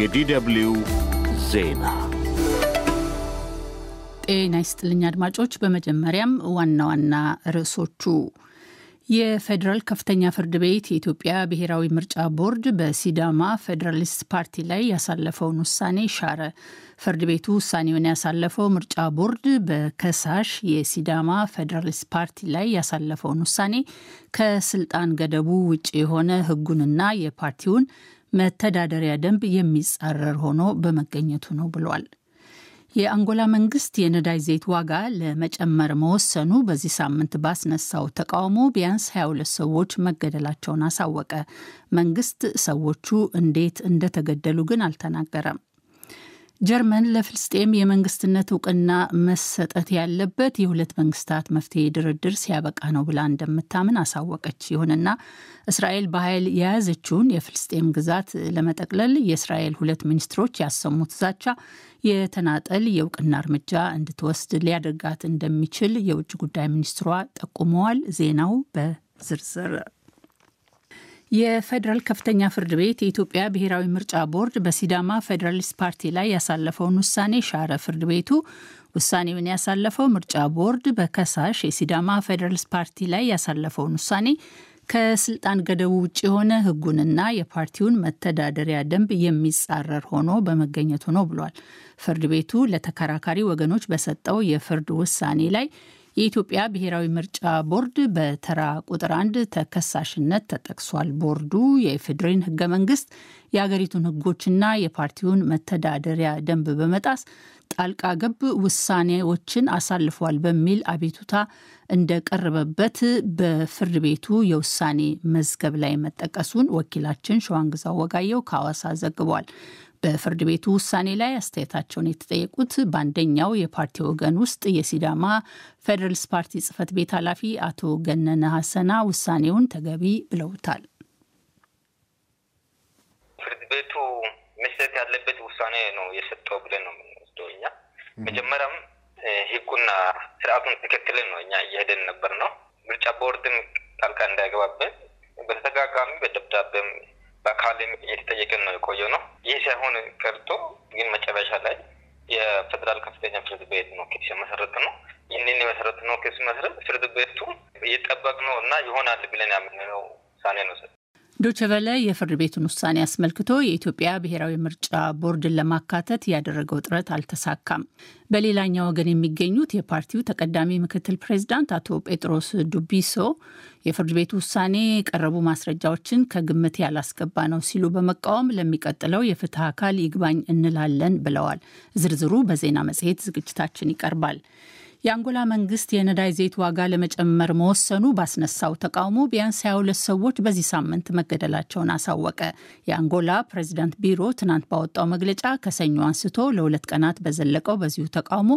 የዲደብልዩ ዜና ጤና ይስጥልኝ አድማጮች። በመጀመሪያም ዋና ዋና ርዕሶቹ የፌዴራል ከፍተኛ ፍርድ ቤት የኢትዮጵያ ብሔራዊ ምርጫ ቦርድ በሲዳማ ፌዴራሊስት ፓርቲ ላይ ያሳለፈውን ውሳኔ ሻረ። ፍርድ ቤቱ ውሳኔውን ያሳለፈው ምርጫ ቦርድ በከሳሽ የሲዳማ ፌዴራሊስት ፓርቲ ላይ ያሳለፈውን ውሳኔ ከስልጣን ገደቡ ውጭ የሆነ ህጉንና የፓርቲውን መተዳደሪያ ደንብ የሚጻረር ሆኖ በመገኘቱ ነው ብሏል። የአንጎላ መንግስት የነዳጅ ዘይት ዋጋ ለመጨመር መወሰኑ በዚህ ሳምንት ባስነሳው ተቃውሞ ቢያንስ 22 ሰዎች መገደላቸውን አሳወቀ። መንግስት ሰዎቹ እንዴት እንደተገደሉ ግን አልተናገረም። ጀርመን ለፍልስጤም የመንግስትነት እውቅና መሰጠት ያለበት የሁለት መንግስታት መፍትሄ ድርድር ሲያበቃ ነው ብላ እንደምታምን አሳወቀች። ይሁንና እስራኤል በኃይል የያዘችውን የፍልስጤም ግዛት ለመጠቅለል የእስራኤል ሁለት ሚኒስትሮች ያሰሙት ዛቻ የተናጠል የእውቅና እርምጃ እንድትወስድ ሊያደርጋት እንደሚችል የውጭ ጉዳይ ሚኒስትሯ ጠቁመዋል። ዜናው በዝርዝር የፌዴራል ከፍተኛ ፍርድ ቤት የኢትዮጵያ ብሔራዊ ምርጫ ቦርድ በሲዳማ ፌዴራሊስት ፓርቲ ላይ ያሳለፈውን ውሳኔ ሻረ። ፍርድ ቤቱ ውሳኔውን ያሳለፈው ምርጫ ቦርድ በከሳሽ የሲዳማ ፌዴራሊስት ፓርቲ ላይ ያሳለፈውን ውሳኔ ከስልጣን ገደቡ ውጭ የሆነ ህጉንና የፓርቲውን መተዳደሪያ ደንብ የሚጻረር ሆኖ በመገኘቱ ነው ብሏል። ፍርድ ቤቱ ለተከራካሪ ወገኖች በሰጠው የፍርድ ውሳኔ ላይ የኢትዮጵያ ብሔራዊ ምርጫ ቦርድ በተራ ቁጥር አንድ ተከሳሽነት ተጠቅሷል። ቦርዱ የኢፌዴሪን ህገ መንግስት የአገሪቱን ህጎችና የፓርቲውን መተዳደሪያ ደንብ በመጣስ ጣልቃ ገብ ውሳኔዎችን አሳልፏል በሚል አቤቱታ እንደቀረበበት በፍርድ ቤቱ የውሳኔ መዝገብ ላይ መጠቀሱን ወኪላችን ሸዋንግዛ ወጋየው ከአዋሳ ዘግቧል። በፍርድ ቤቱ ውሳኔ ላይ አስተያየታቸውን የተጠየቁት በአንደኛው የፓርቲ ወገን ውስጥ የሲዳማ ፌዴራልስ ፓርቲ ጽህፈት ቤት ኃላፊ አቶ ገነነ ሀሰና ውሳኔውን ተገቢ ብለውታል። ፍርድ ቤቱ መስጠት ያለበት ውሳኔ ነው የሰጠው ብለን ነው የምንወስደው እኛ መጀመሪያም ህጉና ስርዓቱን ተከትለን ነው እኛ እየሄደን ነበር ነው። ምርጫ ቦርድን ጣልቃ እንዳይገባብን በተደጋጋሚ በደብዳቤም በአካልም እየተጠየቀን ነው የቆየ ነው። ሳይሆን ቀርቶ ግን መጨረሻ ላይ የፌዴራል ከፍተኛ ፍርድ ቤት ነው ኬስ የመሰረት ነው። ይህንን የመሰረት ነው ኬስ መስረት ፍርድ ቤቱ እየጠበቅ ነው እና ይሆናል ብለን ያምንነው ውሳኔ ነው ዶቸቨለ የፍርድ ቤቱን ውሳኔ አስመልክቶ የኢትዮጵያ ብሔራዊ ምርጫ ቦርድን ለማካተት ያደረገው ጥረት አልተሳካም። በሌላኛ ወገን የሚገኙት የፓርቲው ተቀዳሚ ምክትል ፕሬዚዳንት አቶ ጴጥሮስ ዱቢሶ የፍርድ ቤቱ ውሳኔ የቀረቡ ማስረጃዎችን ከግምት ያላስገባ ነው ሲሉ በመቃወም ለሚቀጥለው የፍትህ አካል ይግባኝ እንላለን ብለዋል። ዝርዝሩ በዜና መጽሔት ዝግጅታችን ይቀርባል። የአንጎላ መንግስት የነዳጅ ዘይት ዋጋ ለመጨመር መወሰኑ ባስነሳው ተቃውሞ ቢያንስ 22 ሰዎች በዚህ ሳምንት መገደላቸውን አሳወቀ። የአንጎላ ፕሬዚዳንት ቢሮ ትናንት ባወጣው መግለጫ ከሰኞ አንስቶ ለሁለት ቀናት በዘለቀው በዚሁ ተቃውሞ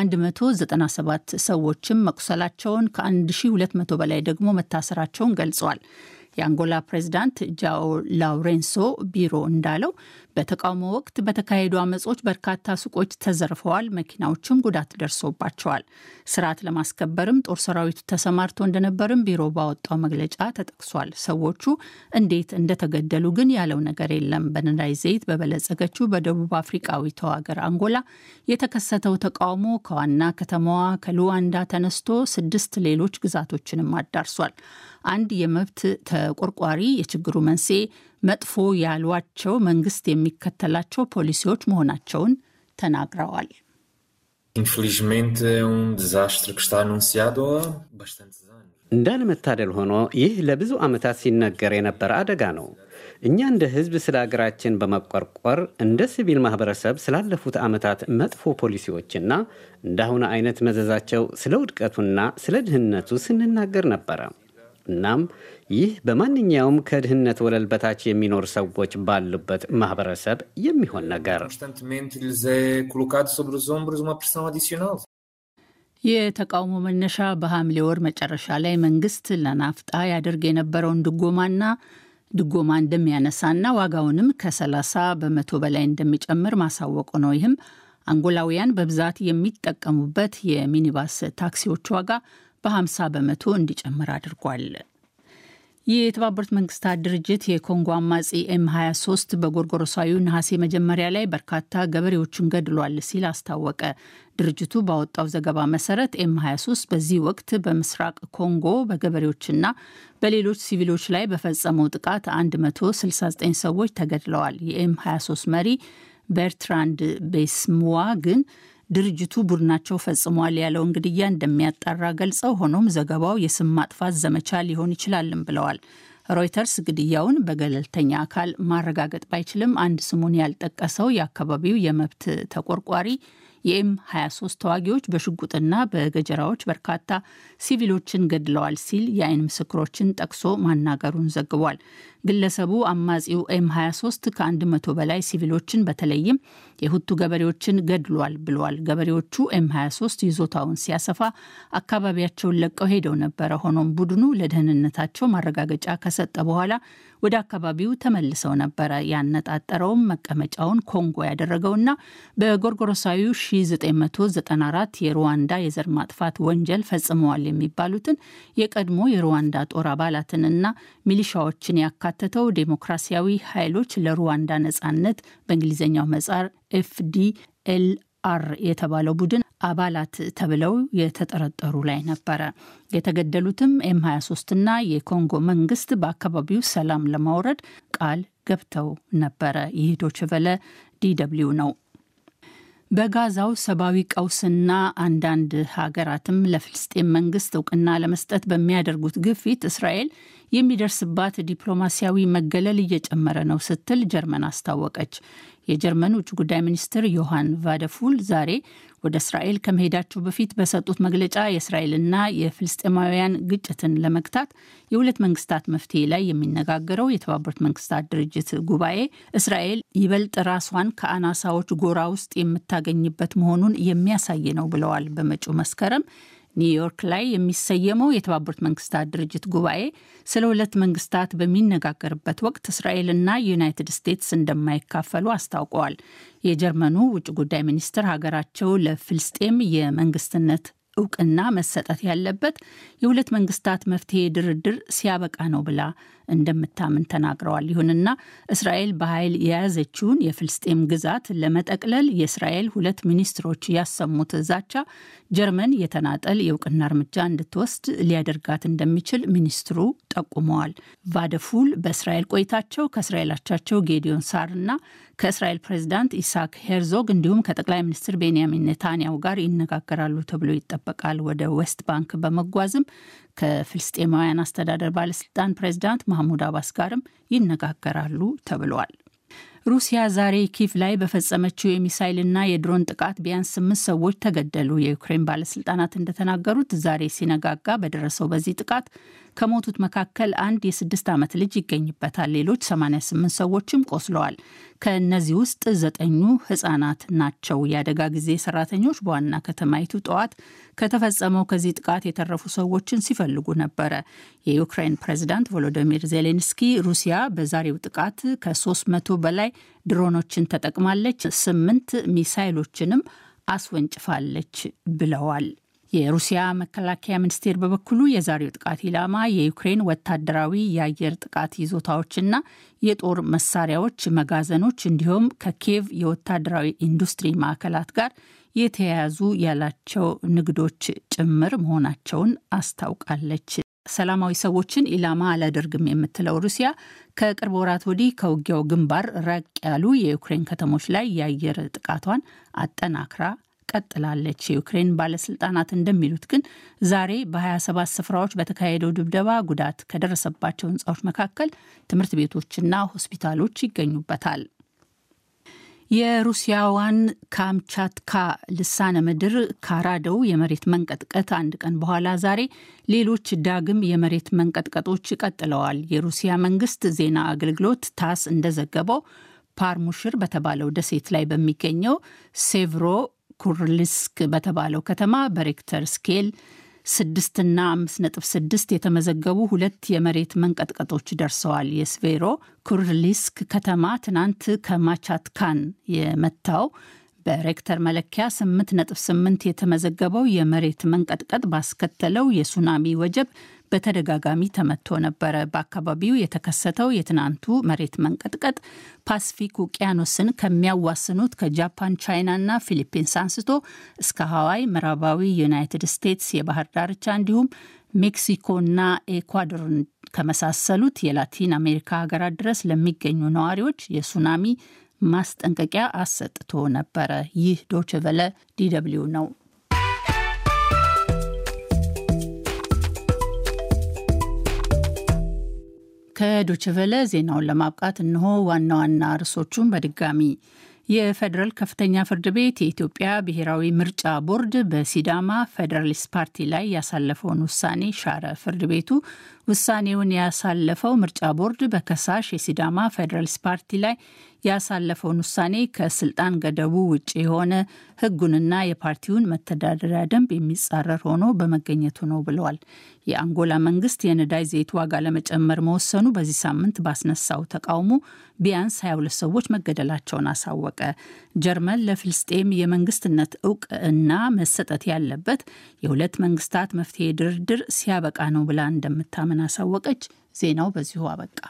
197 ሰዎችም መቁሰላቸውን ከ1200 በላይ ደግሞ መታሰራቸውን ገልጿል። የአንጎላ ፕሬዚዳንት ጃኦ ላውሬንሶ ቢሮ እንዳለው በተቃውሞ ወቅት በተካሄዱ አመጾች በርካታ ሱቆች ተዘርፈዋል፣ መኪናዎችም ጉዳት ደርሶባቸዋል። ስርዓት ለማስከበርም ጦር ሰራዊቱ ተሰማርቶ እንደነበርም ቢሮ ባወጣው መግለጫ ተጠቅሷል። ሰዎቹ እንዴት እንደተገደሉ ግን ያለው ነገር የለም። በነዳጅ ዘይት በበለጸገችው በደቡብ አፍሪቃዊቷ ሀገር አንጎላ የተከሰተው ተቃውሞ ከዋና ከተማዋ ከሉዋንዳ ተነስቶ ስድስት ሌሎች ግዛቶችንም አዳርሷል። አንድ የመብት ተቆርቋሪ የችግሩ መንስኤ መጥፎ ያሏቸው መንግስት የሚከተላቸው ፖሊሲዎች መሆናቸውን ተናግረዋል። ኢንfelizmente um እንዳለመታደል ሆኖ ይህ ለብዙ ዓመታት ሲነገር የነበረ አደጋ ነው። እኛ እንደ ህዝብ ስለ አገራችን በመቆርቆር እንደ ሲቪል ማህበረሰብ ስላለፉት ዓመታት መጥፎ ፖሊሲዎችና እንደ አይነት መዘዛቸው ስለ ውድቀቱና ስለ ድህነቱ ስንናገር ነበረ። እናም ይህ በማንኛውም ከድህነት ወለል በታች የሚኖር ሰዎች ባሉበት ማህበረሰብ የሚሆን ነገር የተቃውሞ መነሻ በሐምሌ ወር መጨረሻ ላይ መንግስት ለናፍጣ ያደርግ የነበረውን ድጎማና ድጎማ እንደሚያነሳና ዋጋውንም ከ30 በመቶ በላይ እንደሚጨምር ማሳወቁ ነው። ይህም አንጎላውያን በብዛት የሚጠቀሙበት የሚኒባስ ታክሲዎች ዋጋ በ50 በመቶ እንዲጨምር አድርጓል። ይህ የተባበሩት መንግስታት ድርጅት የኮንጎ አማጺ ኤም 23 በጎርጎሮሳዊ ነሐሴ መጀመሪያ ላይ በርካታ ገበሬዎችን ገድሏል ሲል አስታወቀ። ድርጅቱ ባወጣው ዘገባ መሰረት ኤም 23 በዚህ ወቅት በምስራቅ ኮንጎ በገበሬዎችና በሌሎች ሲቪሎች ላይ በፈጸመው ጥቃት 169 ሰዎች ተገድለዋል። የኤም 23 መሪ ቤርትራንድ ቤስሙዋ ግን ድርጅቱ ቡድናቸው ፈጽሟል ያለውን ግድያ እንደሚያጣራ ገልጸው፣ ሆኖም ዘገባው የስም ማጥፋት ዘመቻ ሊሆን ይችላልም ብለዋል። ሮይተርስ ግድያውን በገለልተኛ አካል ማረጋገጥ ባይችልም አንድ ስሙን ያልጠቀሰው የአካባቢው የመብት ተቆርቋሪ የኤም 23 ተዋጊዎች በሽጉጥና በገጀራዎች በርካታ ሲቪሎችን ገድለዋል ሲል የአይን ምስክሮችን ጠቅሶ ማናገሩን ዘግቧል። ግለሰቡ አማጺው ኤም 23 ከ100 በላይ ሲቪሎችን በተለይም የሁቱ ገበሬዎችን ገድሏል ብለዋል። ገበሬዎቹ ኤም 23 ይዞታውን ሲያሰፋ አካባቢያቸውን ለቀው ሄደው ነበረ። ሆኖም ቡድኑ ለደህንነታቸው ማረጋገጫ ከሰጠ በኋላ ወደ አካባቢው ተመልሰው ነበረ። ያነጣጠረውም መቀመጫውን ኮንጎ ያደረገውና በጎርጎሮሳዊ 1994 የሩዋንዳ የዘር ማጥፋት ወንጀል ፈጽመዋል የሚባሉትን የቀድሞ የሩዋንዳ ጦር አባላትንና ሚሊሻዎችን ያካ። የተካተተው ዴሞክራሲያዊ ኃይሎች ለሩዋንዳ ነጻነት በእንግሊዝኛው መጻር ኤፍዲኤል አር የተባለው ቡድን አባላት ተብለው የተጠረጠሩ ላይ ነበረ። የተገደሉትም ኤም 23 እና የኮንጎ መንግስት በአካባቢው ሰላም ለማውረድ ቃል ገብተው ነበረ። ይህ ዶችቨለ ዲ ደብልዩ ነው። በጋዛው ሰብአዊ ቀውስና አንዳንድ ሀገራትም ለፍልስጤም መንግስት እውቅና ለመስጠት በሚያደርጉት ግፊት እስራኤል የሚደርስባት ዲፕሎማሲያዊ መገለል እየጨመረ ነው ስትል ጀርመን አስታወቀች። የጀርመን ውጭ ጉዳይ ሚኒስትር ዮሐን ቫደፉል ዛሬ ወደ እስራኤል ከመሄዳቸው በፊት በሰጡት መግለጫ የእስራኤልና የፍልስጤማውያን ግጭትን ለመግታት የሁለት መንግስታት መፍትሄ ላይ የሚነጋገረው የተባበሩት መንግስታት ድርጅት ጉባኤ እስራኤል ይበልጥ ራሷን ከአናሳዎች ጎራ ውስጥ የምታገኝበት መሆኑን የሚያሳይ ነው ብለዋል። በመጪው መስከረም ኒውዮርክ ላይ የሚሰየመው የተባበሩት መንግስታት ድርጅት ጉባኤ ስለ ሁለት መንግስታት በሚነጋገርበት ወቅት እስራኤልና ዩናይትድ ስቴትስ እንደማይካፈሉ አስታውቀዋል። የጀርመኑ ውጭ ጉዳይ ሚኒስትር ሀገራቸው ለፍልስጤም የመንግስትነት እውቅና መሰጠት ያለበት የሁለት መንግስታት መፍትሄ ድርድር ሲያበቃ ነው ብላ እንደምታምን ተናግረዋል። ይሁንና እስራኤል በኃይል የያዘችውን የፍልስጤም ግዛት ለመጠቅለል የእስራኤል ሁለት ሚኒስትሮች ያሰሙት ዛቻ ጀርመን የተናጠል የእውቅና እርምጃ እንድትወስድ ሊያደርጋት እንደሚችል ሚኒስትሩ ጠቁመዋል። ቫደፉል በእስራኤል ቆይታቸው ከእስራኤል አቻቸው ጌዲዮን ሳርና ከእስራኤል ፕሬዚዳንት ኢሳክ ሄርዞግ እንዲሁም ከጠቅላይ ሚኒስትር ቤንያሚን ኔታንያሁ ጋር ይነጋገራሉ ተብሎ ይጠበቃል። ወደ ዌስት ባንክ በመጓዝም ከፍልስጤማውያን አስተዳደር ባለስልጣን ፕሬዚዳንት ማህሙድ አባስ ጋርም ይነጋገራሉ ተብሏል። ሩሲያ ዛሬ ኪቭ ላይ በፈጸመችው የሚሳይልና የድሮን ጥቃት ቢያንስ ስምንት ሰዎች ተገደሉ። የዩክሬን ባለስልጣናት እንደተናገሩት ዛሬ ሲነጋጋ በደረሰው በዚህ ጥቃት ከሞቱት መካከል አንድ የስድስት ዓመት ልጅ ይገኝበታል። ሌሎች 88 ሰዎችም ቆስለዋል። ከእነዚህ ውስጥ ዘጠኙ ህጻናት ናቸው። የአደጋ ጊዜ ሰራተኞች በዋና ከተማይቱ ጠዋት ከተፈጸመው ከዚህ ጥቃት የተረፉ ሰዎችን ሲፈልጉ ነበረ። የዩክሬን ፕሬዚዳንት ቮሎዶሚር ዜሌንስኪ ሩሲያ በዛሬው ጥቃት ከ300 በላይ ድሮኖችን ተጠቅማለች፣ ስምንት ሚሳይሎችንም አስወንጭፋለች ብለዋል። የሩሲያ መከላከያ ሚኒስቴር በበኩሉ የዛሬው ጥቃት ኢላማ የዩክሬን ወታደራዊ የአየር ጥቃት ይዞታዎችና የጦር መሳሪያዎች መጋዘኖች፣ እንዲሁም ከኪየቭ የወታደራዊ ኢንዱስትሪ ማዕከላት ጋር የተያያዙ ያላቸው ንግዶች ጭምር መሆናቸውን አስታውቃለች። ሰላማዊ ሰዎችን ኢላማ አላደርግም የምትለው ሩሲያ ከቅርብ ወራት ወዲህ ከውጊያው ግንባር ረቅ ያሉ የዩክሬን ከተሞች ላይ የአየር ጥቃቷን አጠናክራ ቀጥላለች። የዩክሬን ባለስልጣናት እንደሚሉት ግን ዛሬ በ27 ስፍራዎች በተካሄደው ድብደባ ጉዳት ከደረሰባቸው ህንፃዎች መካከል ትምህርት ቤቶችና ሆስፒታሎች ይገኙበታል። የሩሲያዋን ካምቻትካ ልሳነ ምድር ካራደው የመሬት መንቀጥቀጥ አንድ ቀን በኋላ ዛሬ ሌሎች ዳግም የመሬት መንቀጥቀጦች ቀጥለዋል። የሩሲያ መንግስት ዜና አገልግሎት ታስ እንደዘገበው ፓርሙሽር በተባለው ደሴት ላይ በሚገኘው ሴቭሮ ኩርልስክ በተባለው ከተማ በሬክተር ስኬል ስድስትና አምስት ነጥብ ስድስት የተመዘገቡ ሁለት የመሬት መንቀጥቀጦች ደርሰዋል። የስቬሮ ኩርሊስክ ከተማ ትናንት ከማቻትካን የመታው በሬክተር መለኪያ 8ነ8 የተመዘገበው የመሬት መንቀጥቀጥ ባስከተለው የሱናሚ ወጀብ በተደጋጋሚ ተመቶ ነበረ። በአካባቢው የተከሰተው የትናንቱ መሬት መንቀጥቀጥ ፓስፊክ ውቅያኖስን ከሚያዋስኑት ከጃፓን፣ ቻይና እና ፊሊፒንስ አንስቶ እስከ ሀዋይ፣ ምዕራባዊ ዩናይትድ ስቴትስ የባህር ዳርቻ እንዲሁም ሜክሲኮና ኤኳዶርን ከመሳሰሉት የላቲን አሜሪካ ሀገራት ድረስ ለሚገኙ ነዋሪዎች የሱናሚ ማስጠንቀቂያ አሰጥቶ ነበረ። ይህ ዶችቨለ ዲደብሊው ነው። ከዶችቨለ ዜናውን ለማብቃት እንሆ ዋና ዋና ርዕሶቹን በድጋሚ የፌዴራል ከፍተኛ ፍርድ ቤት የኢትዮጵያ ብሔራዊ ምርጫ ቦርድ በሲዳማ ፌዴራሊስት ፓርቲ ላይ ያሳለፈውን ውሳኔ ሻረ። ፍርድ ቤቱ ውሳኔውን ያሳለፈው ምርጫ ቦርድ በከሳሽ የሲዳማ ፌዴራሊስት ፓርቲ ላይ ያሳለፈውን ውሳኔ ከስልጣን ገደቡ ውጭ የሆነ ህጉንና የፓርቲውን መተዳደሪያ ደንብ የሚጻረር ሆኖ በመገኘቱ ነው ብለዋል። የአንጎላ መንግስት የነዳጅ ዘይት ዋጋ ለመጨመር መወሰኑ በዚህ ሳምንት ባስነሳው ተቃውሞ ቢያንስ 22 ሰዎች መገደላቸውን አሳወቀ። ጀርመን ለፍልስጤም የመንግስትነት እውቅና መሰጠት ያለበት የሁለት መንግስታት መፍትሄ ድርድር ሲያበቃ ነው ብላ እንደምታምን እንደምናሳወቀች ዜናው በዚሁ አበቃ።